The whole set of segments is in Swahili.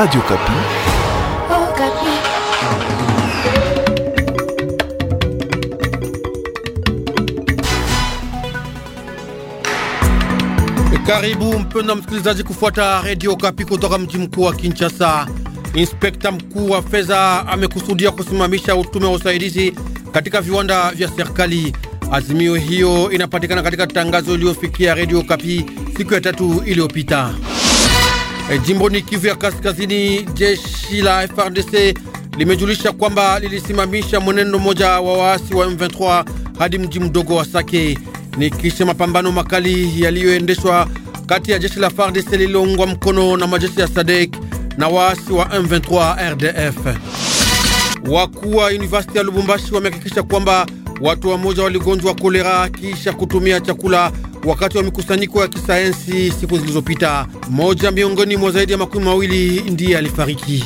Radio Kapi. Oh, e Kapi. Karibu mpendwa msikilizaji kufuata Radio Kapi kutoka mji mkuu wa Kinshasa. Inspekta mkuu wa fedha amekusudia kusimamisha utume wa usaidizi katika viwanda vya serikali. Azimio hiyo inapatikana katika tangazo iliyofikia Radio Kapi siku ya tatu iliyopita. Eh, Jimboni Kivu ya Kaskazini, jeshi la FRDC limejulisha kwamba lilisimamisha mwenendo mmoja wa waasi wa M23 hadi mji mdogo wa Sake ni kisha mapambano makali yaliyoendeshwa kati ya jeshi la frdc lililoungwa mkono na majeshi ya SADC na waasi wa M23 RDF. Wakuu wa University ya Lubumbashi wamehakikisha kwamba watu wamoja waligonjwa kolera kisha kutumia chakula wakati wa mikusanyiko ya kisayansi siku zilizopita. Moja miongoni mwa zaidi ya makumi mawili ndiye alifariki.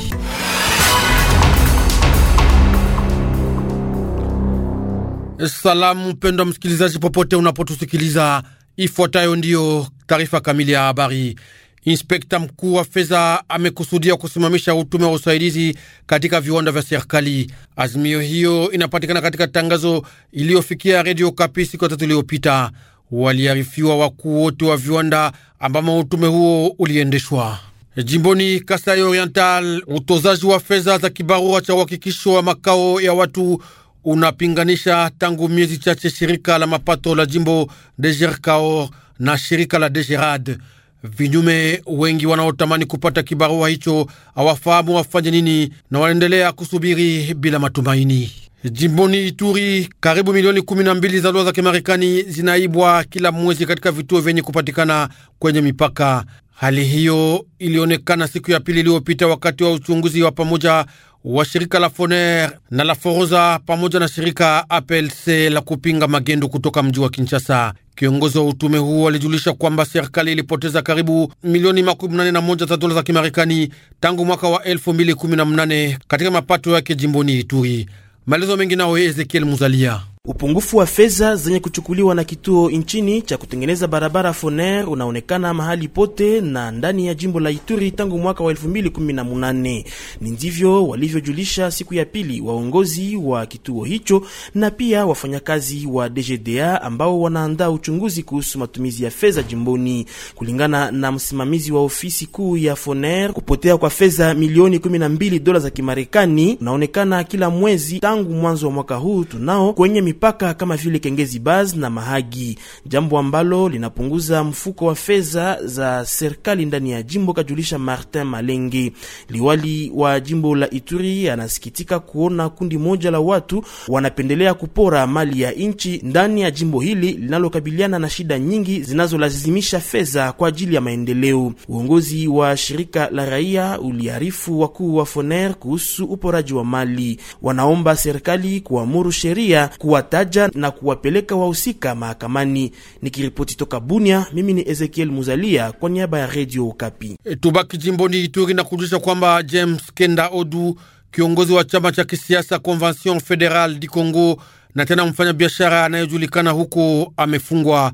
Salamu mpendwa msikilizaji, popote unapotusikiliza, ifuatayo ndiyo taarifa kamili ya habari. Inspekta mkuu wa fedha amekusudia kusimamisha utume wa usaidizi katika viwanda vya serikali. Azimio hiyo inapatikana katika tangazo iliyofikia redio Kapi siku ya tatu iliyopita waliarifiwa wakuu wote wa viwanda ambamo utume huo uliendeshwa. Jimboni Kasai Oriental, utozaji wa fedha za kibarua cha uhakikisho wa makao ya watu unapinganisha tangu miezi chache shirika la mapato la jimbo Degercaor na shirika la Degerad Vinyume wengi wanaotamani kupata kibarua hicho hawafahamu wafanye nini na wanaendelea kusubiri bila matumaini. Jimboni Ituri, karibu milioni 12 za dola za Kimarekani zinaibwa kila mwezi katika vituo vyenye kupatikana kwenye mipaka. Hali hiyo ilionekana siku ya pili iliyopita wakati wa uchunguzi wa pamoja wa shirika la Foner na la Foroza pamoja na shirika APLC la kupinga magendo kutoka mji wa Kinshasa. Kiongozi wa utume huo alijulisha kwamba serikali ilipoteza karibu milioni makumi nane na moja za dola za Kimarekani tangu mwaka wa elfu mbili kumi na katika mapato yake jimboni Ituri. Maelezo mengi nao Ezekiel Muzalia. Upungufu wa fedha zenye kuchukuliwa na kituo nchini cha kutengeneza barabara Foner unaonekana mahali pote na ndani ya jimbo la Ituri tangu mwaka wa 2018. Ni ndivyo walivyojulisha siku ya pili waongozi wa kituo hicho na pia wafanyakazi wa DGDA ambao wanaandaa uchunguzi kuhusu matumizi ya fedha jimboni. Kulingana na msimamizi wa ofisi kuu ya Foner, kupotea kwa fedha milioni 12 dola za Kimarekani unaonekana kila mwezi tangu mwanzo wa mwaka huu tunao kwenye mipaka kama vile Kengezi Baz na Mahagi, jambo ambalo linapunguza mfuko wa fedha za serikali ndani ya jimbo, kajulisha Martin Malenge. Liwali wa jimbo la Ituri anasikitika kuona kundi moja la watu wanapendelea kupora mali ya nchi ndani ya jimbo hili linalokabiliana na shida nyingi zinazolazimisha fedha kwa ajili ya maendeleo. Uongozi wa shirika la raia uliarifu wakuu wa FONER kuhusu uporaji wa mali, wanaomba serikali kuamuru sheria kuwa kuwataja na kuwapeleka wahusika mahakamani. Nikiripoti toka Bunia, mimi ni Ezekiel Muzalia kwa niaba ya Radio Okapi. E, tubaki jimboni Ituri na kujulisha kwamba James Kenda Odu, kiongozi wa chama cha kisiasa Convention Federal du Congo na tena mfanya biashara anayejulikana huko, amefungwa.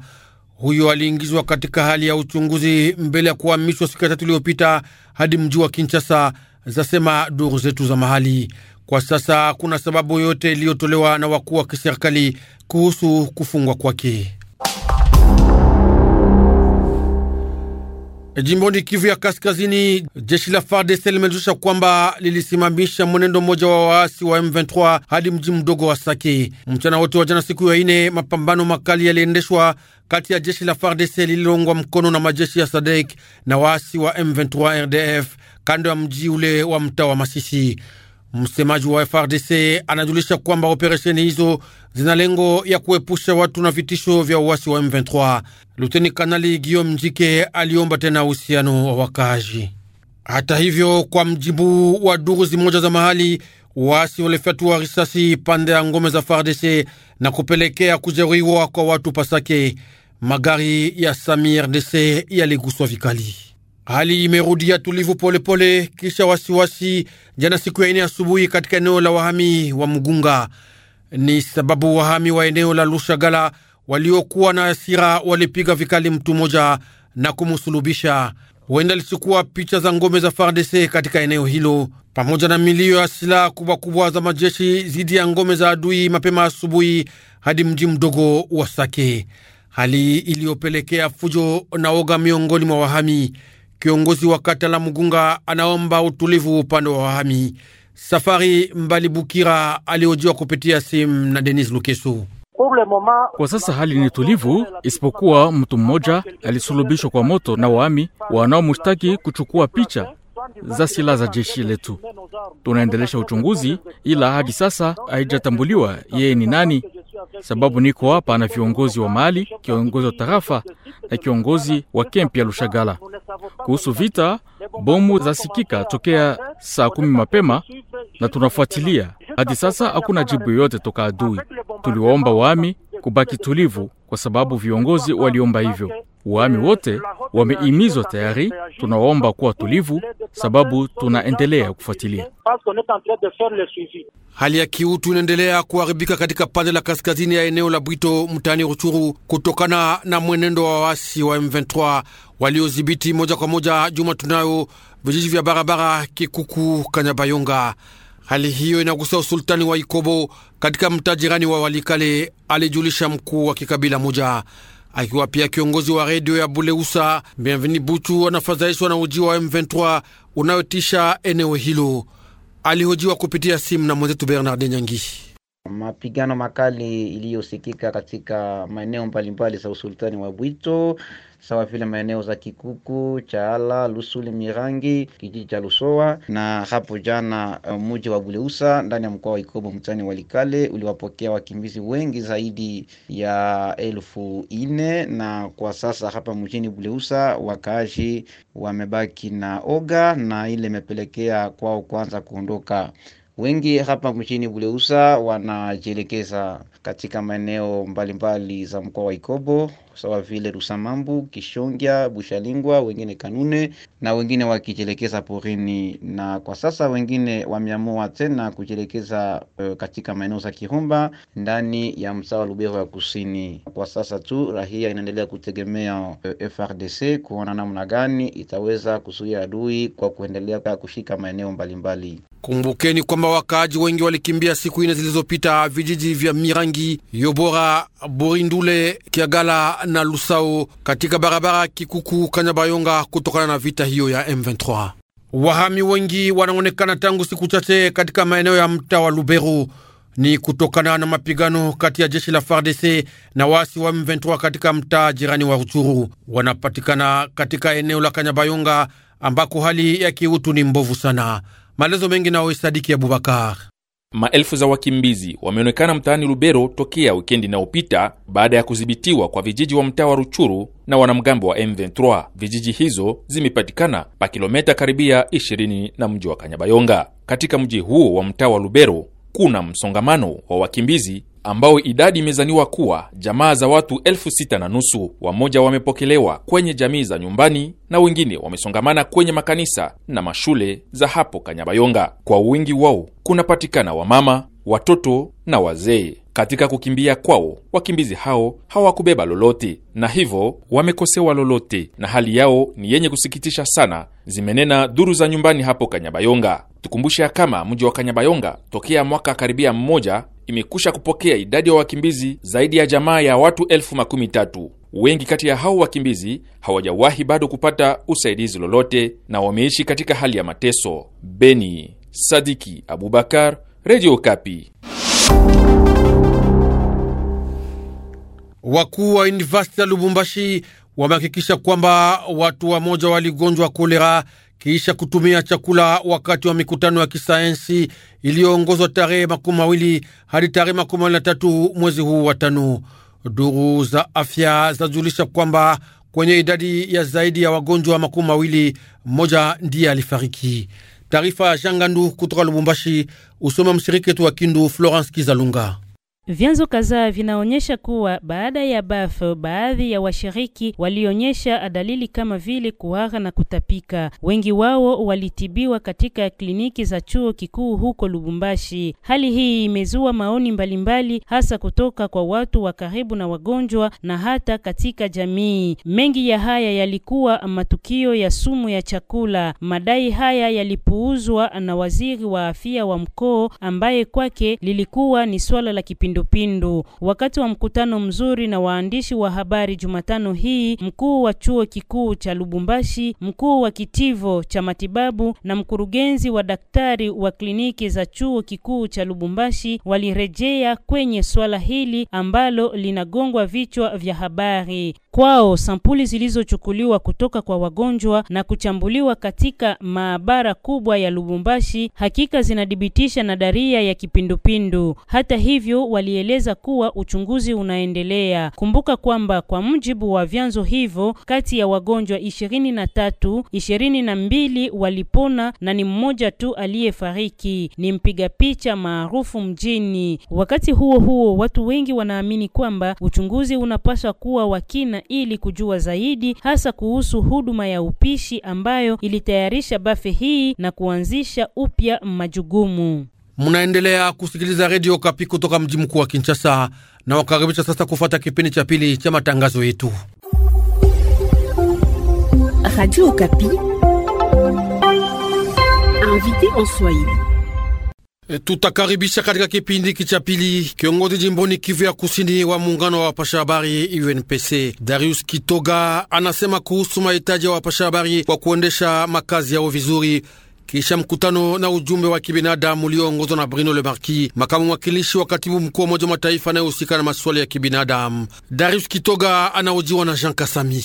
Huyo aliingizwa katika hali ya uchunguzi mbele ya kuhamishwa siku ya tatu iliyopita hadi mji wa Kinshasa, zasema duru zetu za mahali. Kwa sasa hakuna sababu yoyote iliyotolewa na wakuu wa kiserikali kuhusu kufungwa kwake. Jimboni Kivu ya Kaskazini, jeshi la FARDC limejulisha kwamba lilisimamisha mwenendo mmoja wa waasi wa M23 hadi mji mdogo wa Sake mchana wote wa jana, siku ya ine. Mapambano makali yaliendeshwa kati ya jeshi la FARDC lililoungwa mkono na majeshi ya SADEK na waasi wa M23 RDF kando ya mji ule wa mtaa wa Masisi. Msemaji wa FRDC anajulisha kwamba operesheni hizo zina lengo ya kuepusha watu na vitisho vya uasi wa M23. Luteni Kanali Guillaume Njike aliomba tena uhusiano wa wakaaji. Hata hivyo, kwa mjibu wa duru zimoja za mahali, waasi walifyatua risasi pande ya ngome za FRDC na kupelekea kujeruhiwa kwa watu Pasake. Magari ya samirdc yaliguswa vikali. Hali imerudia tulivu polepole pole, kisha wasiwasi jana siku ya ine asubuhi katika eneo la wahami wa Mgunga. Ni sababu wahami wa eneo la Lushagala waliokuwa na asira walipiga vikali mtu mmoja na kumusulubisha. Huenda alichukua picha za ngome za FARDC katika eneo hilo pamoja na milio ya silaha kubwa kubwa za majeshi dhidi ya ngome za adui mapema asubuhi hadi mji mdogo wa Sake, hali iliyopelekea fujo na oga miongoni mwa wahami. Kiongozi wa kata la Mugunga anaomba utulivu upande wa wahami. Safari Mbali Bukira aliojiwa kupitia simu na Denis Lukesu. Kwa sasa hali ni tulivu, isipokuwa mtu mmoja alisulubishwa kwa moto na waami wanaomshtaki kuchukua picha za silaha za jeshi letu. Tunaendelesha uchunguzi, ila hadi sasa haijatambuliwa yeye ni nani sababu niko hapa na viongozi wa Mali, kiongozi wa tarafa na kiongozi wa kempi ya Lushagala. Kuhusu vita, bomu zasikika tokea saa kumi mapema na tunafuatilia hadi sasa, hakuna jibu yoyote toka adui. Tuliwaomba wami kubaki tulivu, kwa sababu viongozi waliomba hivyo. Waami wote wameimizwa tayari. Tunaomba kuwa tulivu, sababu tunaendelea kufuatilia hali ya kiutu. Inaendelea kuharibika katika pande la kaskazini ya eneo la Bwito mtaani Ruchuru kutokana na mwenendo wa waasi wa M23 waliodhibiti moja kwa moja juma tunayo vijiji vya barabara Kikuku, Kanyabayonga. Hali hiyo inagusa usultani wa Ikobo katika mtaa jirani wa Walikale, alijulisha mkuu wa kikabila moja akiwa pia kiongozi wa redio ya Buleusa. Bienveni Buchu anafadhaishwa na ujio wa M23 unayotisha eneo hilo. Alihojiwa kupitia simu na mwenzetu Bernard Nyangi. Mapigano makali iliyosikika katika maeneo mbalimbali za usultani wa Bwito sawa vile maeneo za Kikuku, Chaala, Lusuli, Mirangi, kijiji cha Lusowa na hapo jana eh, mji wa Buleusa ndani ya mkoa wa Ikobo mtani Walikale uliwapokea wakimbizi wengi zaidi ya elfu ine na kwa sasa hapa mjini Buleusa wakaaji wamebaki na oga na ile imepelekea kwao kwanza kuondoka wengi hapa mjini Buleusa wanajielekeza katika maeneo mbalimbali za mkoa wa Ikobo sawa vile Rusamambu, Kishongya, Bushalingwa, wengine Kanune na wengine wakijielekeza porini, na kwa sasa wengine wameamua tena kujielekeza uh, katika maeneo za kihumba ndani ya mtaa wa Lubero ya kusini. Kwa sasa tu rahia inaendelea kutegemea uh, eh, FRDC kuona namna gani itaweza kuzuia adui kwa kuendelea kushika maeneo mbalimbali. Kumbukeni kwamba wakaaji wengi walikimbia siku ine zilizopita vijiji vya Mirangi, Yobora, Borindule, Kiagala na Lusao katika barabara Kikuku Kanyabayonga kutokana na vita hiyo ya M23. Wahami wengi wanaonekana tangu siku chache katika maeneo ya mtaa wa Luberu ni kutokana na mapigano kati ya jeshi la FARDC na waasi wa M23 katika mtaa jirani wa Ruchuru. Wanapatikana katika eneo la Kanyabayonga ambako hali ya kiutu ni mbovu sana. Maelezo mengi nayo Sadiki Abubakar. Maelfu za wakimbizi wameonekana mtaani Lubero tokea wikendi inayopita baada ya kudhibitiwa kwa vijiji wa mtaa wa Ruchuru na wanamgambo wa M23. Vijiji hizo zimepatikana pa kilometa karibia 20 na mji wa Kanyabayonga. Katika mji huo wa mtaa wa Lubero kuna msongamano wa wakimbizi ambao idadi imezaniwa kuwa jamaa za watu elfu sita na nusu. Wamoja wamepokelewa kwenye jamii za nyumbani na wengine wamesongamana kwenye makanisa na mashule za hapo Kanyabayonga. Kwa wingi wao kunapatikana wamama, watoto na wazee. Katika kukimbia kwao, wakimbizi hao hawakubeba lolote na hivyo wamekosewa lolote, na hali yao ni yenye kusikitisha sana, zimenena dhuru za nyumbani hapo Kanyabayonga. Tukumbushe kama mji wa Kanyabayonga tokea mwaka karibia mmoja imekusha kupokea idadi ya wa wakimbizi zaidi ya jamaa ya watu elfu makumi tatu. Wengi kati ya hao wakimbizi hawajawahi bado kupata usaidizi lolote na wameishi katika hali ya mateso. Beni, Sadiki Abubakar, Radio Kapi. Wakuu wa universiti ya Lubumbashi wamehakikisha kwamba watu wamoja waligonjwa kolera kisha kutumia chakula wakati wa mikutano ya kisayansi iliyoongozwa tarehe makumi mawili hadi tarehe makumi mawili na tatu mwezi huu wa tano. Duru za afya zinajulisha kwamba kwenye idadi ya zaidi ya wagonjwa makumi mawili mmoja ndiye alifariki. Taarifa ya Shangandu kutoka Lubumbashi, usome mshiriki wetu wa Kindu Florence Kizalunga. Vyanzo kadhaa vinaonyesha kuwa baada ya baf baadhi ya washiriki walionyesha dalili kama vile kuhara na kutapika. Wengi wao walitibiwa katika kliniki za chuo kikuu huko Lubumbashi. Hali hii imezua maoni mbalimbali mbali, hasa kutoka kwa watu wa karibu na wagonjwa na hata katika jamii. Mengi ya haya yalikuwa matukio ya sumu ya chakula. Madai haya yalipuuzwa na waziri wa afya wa mkoa ambaye kwake lilikuwa ni swala la kipindi kipindupindu. Wakati wa mkutano mzuri na waandishi wa habari Jumatano hii, mkuu wa chuo kikuu cha Lubumbashi, mkuu wa kitivo cha matibabu na mkurugenzi wa daktari wa kliniki za chuo kikuu cha Lubumbashi walirejea kwenye swala hili ambalo linagongwa vichwa vya habari. Kwao sampuli zilizochukuliwa kutoka kwa wagonjwa na kuchambuliwa katika maabara kubwa ya Lubumbashi hakika zinadhibitisha nadharia ya kipindupindu. Hata hivyo, walieleza kuwa uchunguzi unaendelea. Kumbuka kwamba kwa mujibu wa vyanzo hivyo, kati ya wagonjwa ishirini na tatu, ishirini na mbili walipona na ni mmoja tu aliyefariki. Ni mpiga picha maarufu mjini. Wakati huo huo, watu wengi wanaamini kwamba uchunguzi unapaswa kuwa wa kina ili kujua zaidi hasa kuhusu huduma ya upishi ambayo ilitayarisha bafe hii na kuanzisha upya majugumu. Mnaendelea kusikiliza redio Kapi kutoka mji mkuu wa Kinshasa na wakaribisha sasa kufuata kipindi cha pili cha matangazo yetu. Radio Kapi invité en Swahili Eh, tutakaribisha katika kipindi cha pili kiongozi jimboni Kivu ya kusini wa muungano wa wapasha habari UNPC Darius Kitoga anasema kuhusu mahitaji ya wapasha habari kwa kuendesha makazi yao vizuri kisha mkutano na ujumbe wa kibinadamu ulioongozwa na Bruno Le Marquis, makamu mwakilishi wa katibu mkuu wa Umoja wa Mataifa anayehusika na masuala ya kibinadamu. Darius Kitoga anaojiwa na Jean Kasami.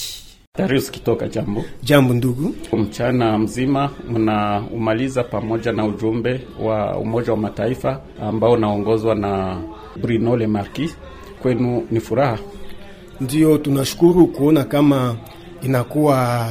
Darius Kitoka, jambo. Jambo ndugu. Mchana mzima mnaumaliza pamoja na ujumbe wa Umoja wa Mataifa ambao unaongozwa na Bruno Le Marquis. Kwenu ni furaha? ndio tunashukuru kuona kama inakuwa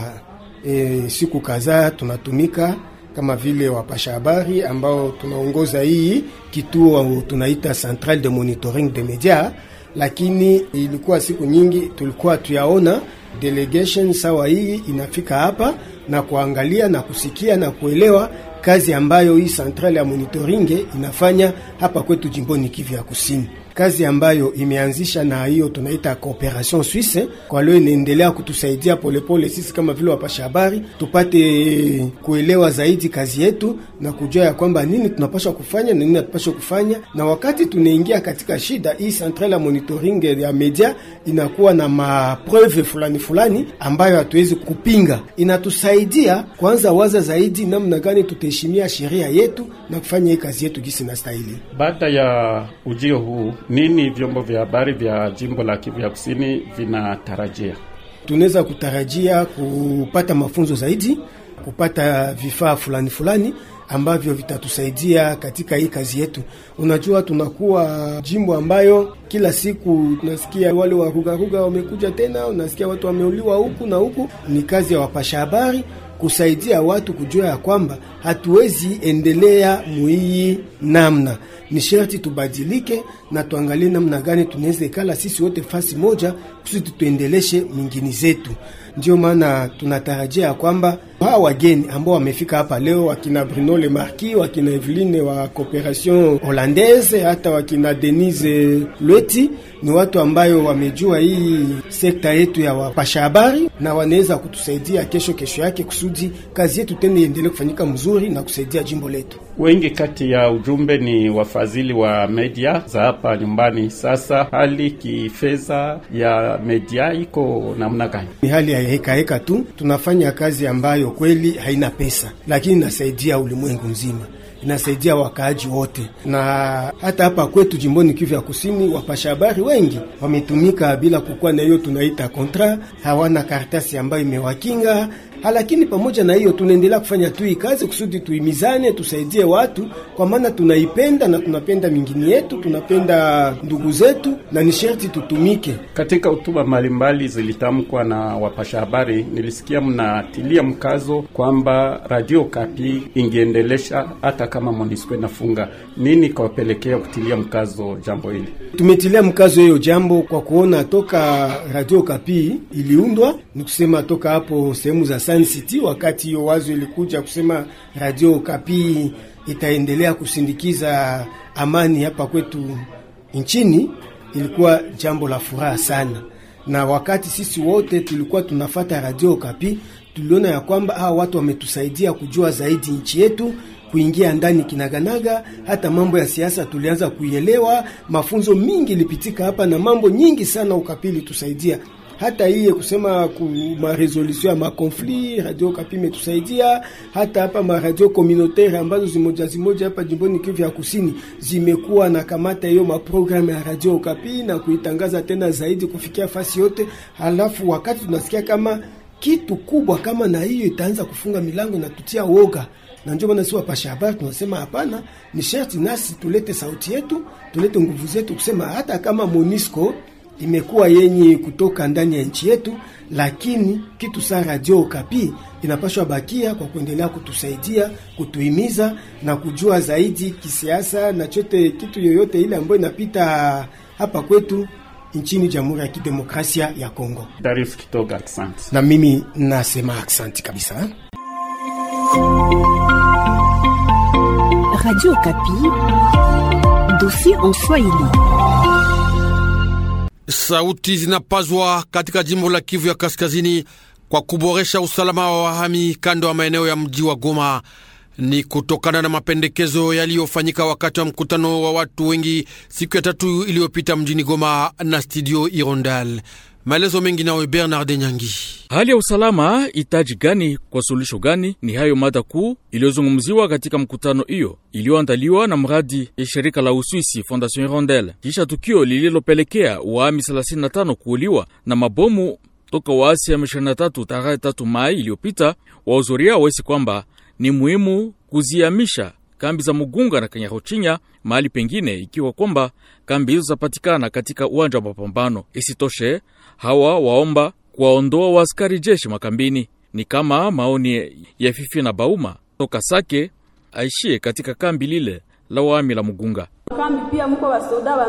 e, siku kadhaa tunatumika kama vile wapasha habari ambao tunaongoza hii kituo tunaita Central de Monitoring de Media, lakini ilikuwa siku nyingi tulikuwa tuyaona delegation sawa hii inafika hapa na kuangalia na kusikia na kuelewa kazi ambayo hii central ya monitoring inafanya hapa kwetu jimboni Kivu ya Kusini kazi ambayo imeanzisha na hiyo tunaita cooperation Suisse. Kwa leo inaendelea kutusaidia polepole pole, sisi kama vile wapasha habari tupate kuelewa zaidi kazi yetu na kujua ya kwamba nini tunapaswa kufanya na nini hatupaswa kufanya, na wakati tunaingia katika shida hii, central ya monitoring ya media inakuwa na mapreuve fulani fulani ambayo hatuwezi kupinga. Inatusaidia kwanza waza zaidi namna gani tutaheshimia sheria yetu na kufanya hii kazi yetu gisi na stahili. Baada ya ujio huu nini vyombo vya habari vya jimbo la Kivu ya Kusini vinatarajia? Tunaweza kutarajia kupata mafunzo zaidi, kupata vifaa fulani fulani ambavyo vitatusaidia katika hii kazi yetu. Unajua, tunakuwa jimbo ambayo kila siku unasikia wale warugaruga wamekuja tena, unasikia watu wameuliwa huku na huku. Ni kazi ya wapasha habari kusaidia watu kujua ya kwamba hatuwezi endelea muiyi namna, ni sherti tubadilike na tuangalie namna gani tunaweza ikala sisi wote fasi moja kusudi tuendeleshe mingini zetu. Ndio maana tunatarajia ya kwamba hawa wageni ambao wamefika hapa leo, wakina Bruno Le Marquis, wakina Eveline wa Cooperation Hollandaise, hata wakina Denise Lweti, ni watu ambayo wamejua hii sekta yetu ya wapasha habari na wanaweza kutusaidia kesho kesho yake kusudi kazi yetu tena iendelee kufanyika mzuri na kusaidia jimbo letu. Wengi kati ya ujumbe ni wafadhili wa media za hapa nyumbani. Sasa hali kifedha ya media iko namna gani? Ni hali ya hekaheka heka tu, tunafanya kazi ambayo kweli haina pesa, lakini inasaidia ulimwengu mzima inasaidia wakaaji wote, na hata hapa kwetu jimboni Kivu ya Kusini, wapasha habari wengi wametumika bila kukuwa na hiyo tunaita kontra, hawana karatasi ambayo imewakinga lakini pamoja na hiyo, tunaendelea kufanya tu kazi kusudi tuimizane, tusaidie watu, kwa maana tunaipenda na tunapenda mingini yetu, tunapenda ndugu zetu, na ni sherti tutumike. Katika hotuba mbalimbali zilitamkwa na wapasha habari, nilisikia mnatilia mkazo kwamba Radio Kapi ingeendelesha hata kama MONUSCO inafunga. Nini kawapelekea kutilia mkazo jambo hili? Tumetilia mkazo hiyo jambo kwa kuona toka Radio Kapi iliundwa, ni kusema toka hapo sehemu za Sun City, wakati hiyo wazo ilikuja kusema Radio Okapi itaendelea kusindikiza amani hapa kwetu nchini, ilikuwa jambo la furaha sana, na wakati sisi wote tulikuwa tunafata Radio Okapi tuliona ya kwamba hawa watu wametusaidia kujua zaidi nchi yetu kuingia ndani kinaganaga. Hata mambo ya siasa tulianza kuielewa, mafunzo mingi ilipitika hapa na mambo nyingi sana ukapili tusaidia hata hii kusema ku ma resolution ya conflit Radio Kapi metusaidia hata hapa ma radio communautaire ambazo zimoja zimoja hapa jimboni Kivu ya Kusini zimekuwa na kamata hiyo ma programme ya Radio Kapi na kuitangaza tena zaidi kufikia fasi yote. Halafu wakati tunasikia kama kitu kubwa kama na hiyo itaanza kufunga milango na tutia woga na ndio maana sisi wapasha habari tunasema hapana, ni sharti nasi tulete sauti yetu, tulete nguvu zetu kusema hata kama Monisco imekuwa yenye kutoka ndani ya nchi yetu, lakini kitu sa Radio Okapi inapashwa bakia kwa kuendelea kutusaidia, kutuhimiza na kujua zaidi kisiasa na chote kitu yoyote ile ambayo inapita hapa kwetu nchini Jamhuri ya Kidemokrasia ya Kongo. Kitoga, Na mimi nasema aksanti kabisa. Radio Okapi, en Swahili sauti zinapazwa katika jimbo la Kivu ya Kaskazini kwa kuboresha usalama wa wahami kando ya maeneo ya mji wa Goma. Ni kutokana na mapendekezo yaliyofanyika wakati wa mkutano wa watu wengi siku ya tatu iliyopita mjini Goma na studio Irondal. Maelezo mengi nawe Bernard Nyangi. Hali ya usalama itaji gani kwa suluhisho gani? Ni hayo mada kuu iliyozungumziwa katika mkutano hiyo iliyoandaliwa na mradi ya shirika la Uswisi Fondation Rondel, kisha tukio lililopelekea waami 35 kuuliwa na mabomu toka waasi ya 23 tarehe 3 Mai iliyopita. Wahudhuria wesi kwamba ni muhimu kuziamisha kambi za Mugunga na Kanyaruchinya mahali pengine, ikiwa kwamba kambi hizo zapatikana katika uwanja wa mapambano. Isitoshe, hawa waomba kuwaondoa waaskari jeshi makambini. Ni kama maoni ya Fifi na Bauma toka Sake aishie katika kambi lile la wami la Mugunga. Kambi pia muko wa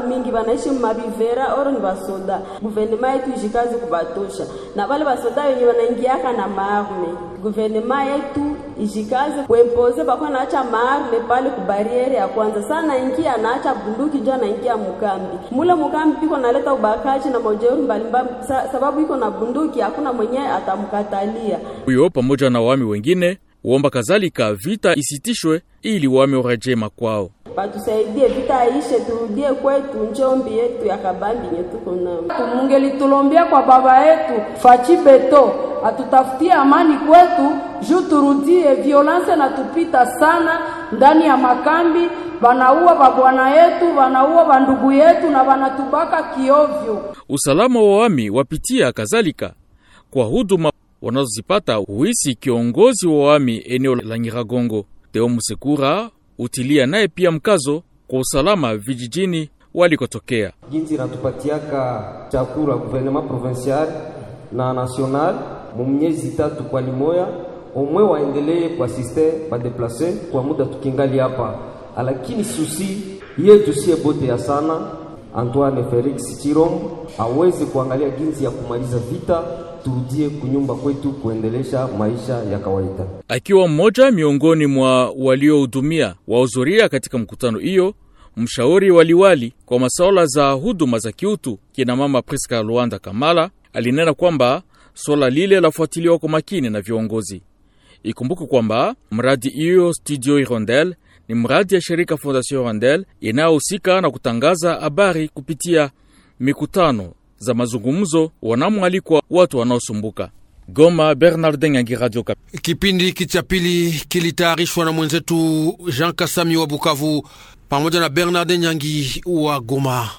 mingi wanaishi mabivera oro ni basoda, guvernema yetu ishikazi kubatosha na bale basoda wenye wanaingiaka na marme Guvernema yetu ishikazi kuempoze bakuwa naacha marme pale kubariere ya kwanza sana ingia naacha bunduki njo naingia mukambi mule. Mukambi piko naleta ubakaji na majeuri mbalimbali, sababu iko na bunduki, hakuna mwenye atamkatalia huyo, pamoja na wami wengine Waomba kadhalika vita isitishwe ili wameoreje makwao. Batusaidie vita ishe, turudie kwetu njombi yetu ya kabambi yetuko nao. Mungelitulombia kwa baba yetu fachi beto atutafutie amani kwetu, juu turudie violence na tupita sana ndani ya makambi, wanaua babwana yetu, wanaua bandugu yetu na wanatubaka kiovyo. Usalama wa wami wapitia kadhalika kwa huduma wanazozipata huisi kiongozi wa wami eneo la Nyiragongo Teo Musekura utilia naye pia mkazo kwa usalama vijijini walikotokea. Jinsi inatupatiaka chakula guvernema provincial na national mumyezi tatu kwa limoya omwe waendelee kwa siste badeplace kwa muda tukingali hapa, lakini susi yetu siye bote ya sana. Antoine Felix Chirom aweze kuangalia jinsi ya kumaliza vita turudie kunyumba kwetu kuendelesha maisha ya kawaida. Akiwa mmoja miongoni mwa waliohudumia wahudhuria katika mkutano hiyo, mshauri waliwali kwa masuala za huduma za kiutu kina mama Priska Luanda Kamala alinena kwamba swala lile lafuatiliwa kwa makini na viongozi. Ikumbuke kwamba mradi hiyo Studio irondel ni mradi ya shirika Fondation Irondel inayohusika na kutangaza habari kupitia mikutano za mazungumzo, wanamwalikwa watu wanaosumbuka. Goma, Bernard Nyangi, Radio Kap. Kipindi hiki cha pili kilitayarishwa na mwenzetu Jean Kasami wa Bukavu pamoja na Bernardin nyangi wa Goma.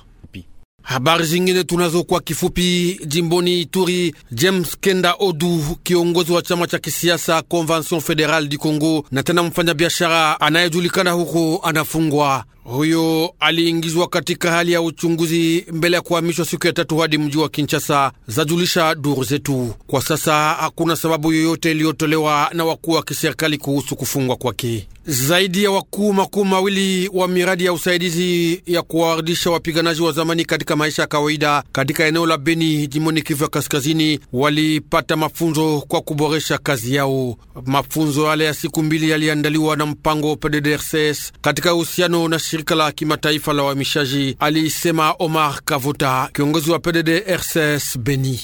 Habari zingine tunazo kwa kifupi. Jimboni Ituri, James Kenda Odu, kiongozi wa chama cha kisiasa Convention Federale du Congo na tena mfanya biashara anayejulikana huko, anafungwa. Huyo aliingizwa katika hali ya uchunguzi mbele ya kuhamishwa siku ya tatu hadi mji wa Kinshasa, zajulisha duru zetu. Kwa sasa hakuna sababu yoyote iliyotolewa na wakuu wa kiserikali kuhusu kufungwa kwake. Zaidi ya wakuu makuu mawili wa miradi ya usaidizi ya kuwarudisha wapiganaji wa zamani katika maisha ya kawaida katika eneo la Beni, jimoni Kivu ya Kaskazini, walipata mafunzo kwa kuboresha kazi yao. Mafunzo yale ya siku mbili yaliandaliwa na mpango PDDRCS katika uhusiano na shirika la kimataifa la uhamishaji, alisema Omar Kavuta, kiongozi wa PDD RCS Beni.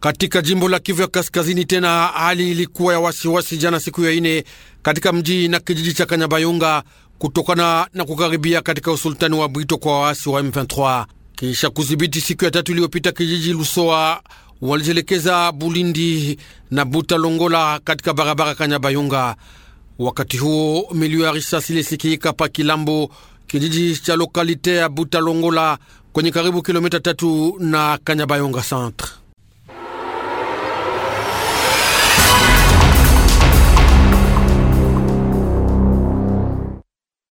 Katika jimbo la Kivu ya Kaskazini, tena hali ilikuwa ya wasiwasi jana siku ya ine katika mji na kijiji cha Kanyabayonga kutokana na kukaribia katika usultani wa Bwito kwa waasi wa M23 kisha kudhibiti siku ya tatu iliyopita kijiji Lusoa walijelekeza Bulindi na Buta Longola katika barabara Kanyabayonga. Wakati huo milio ya risasi ilisikika pa Kilambo, kijiji cha lokalite ya Butalongola kwenye karibu kilomita tatu na Kanyabayonga centre.